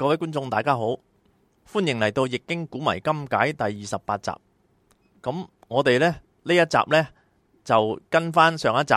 各位觀眾，大家好，歡迎嚟到《易經古謎今解》第二十八集。咁我哋呢呢一集呢，就跟翻上一集，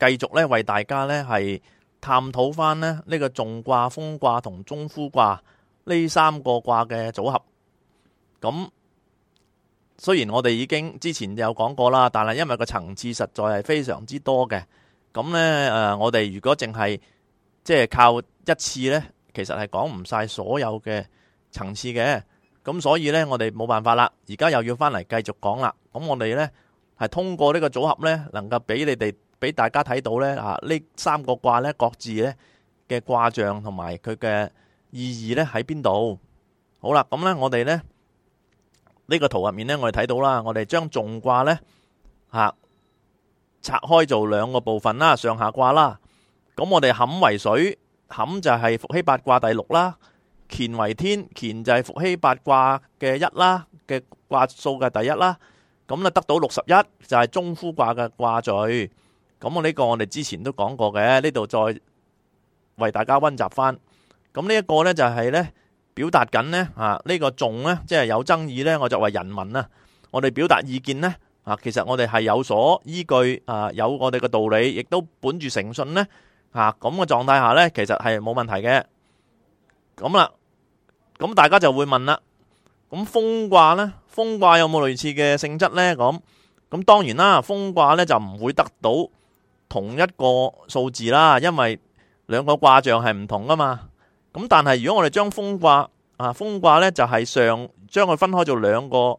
繼續呢為大家呢係探討翻呢呢個訟卦、豐卦同中孚卦呢三個卦嘅組合。咁雖然我哋已經之前有講過啦，但係因為個層次實在係非常之多嘅。咁呢，誒，我哋如果淨係即係靠一次呢。其實係講唔晒所有嘅層次嘅，咁所以咧，我哋冇辦法啦。而家又要翻嚟繼續講啦。咁我哋咧係通過呢個組合咧，能夠俾你哋，俾大家睇到咧啊，呢三個卦咧，各自咧嘅卦象同埋佢嘅意義咧喺邊度？好啦，咁咧我哋咧呢個圖入面咧，我哋睇到啦，我哋將重卦咧，吓拆開做兩個部分啦，上下卦啦。咁我哋坎為水。坎就係伏羲八卦第六啦，乾為天，乾就係伏羲八卦嘅一啦，嘅卦數嘅第一啦，咁咧得到六十一就係中孚卦嘅卦序，咁我呢個我哋之前都講過嘅，呢度再為大家溫習翻，咁呢一個呢、這個，就係呢，表達緊呢，呢個訟呢，即係有爭議呢，我作為人民啊，我哋表達意見呢，啊，其實我哋係有所依據啊，有我哋嘅道理，亦都本住誠信呢。啊，咁嘅狀態下呢，其實係冇問題嘅。咁啦，咁大家就會問啦。「咁豐卦呢？豐卦有冇類似嘅性質呢？」咁咁當然啦，豐卦呢就唔會得到同一個數字啦，因為兩個卦象係唔同噶嘛。咁但係如果我哋將豐卦啊，豐卦呢就係上將佢分開做兩個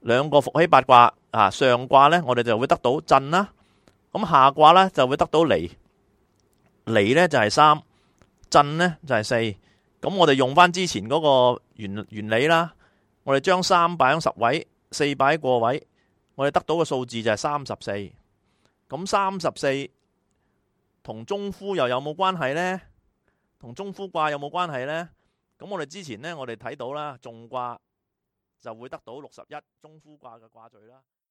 兩個伏羲八卦啊，上卦呢，我哋就會得到震啦。咁下卦呢，就會得到離。離呢就係三，震呢就係四，咁我哋用翻之前嗰個原原理啦，我哋將三擺喺十位，四擺喺個位，我哋得到嘅數字就係三十四。咁三十四同中孚又有冇關係呢？同中孚卦有冇關係呢？咁我哋之前呢，我哋睇到啦，中卦就會得到六十一，中孚卦嘅卦序啦。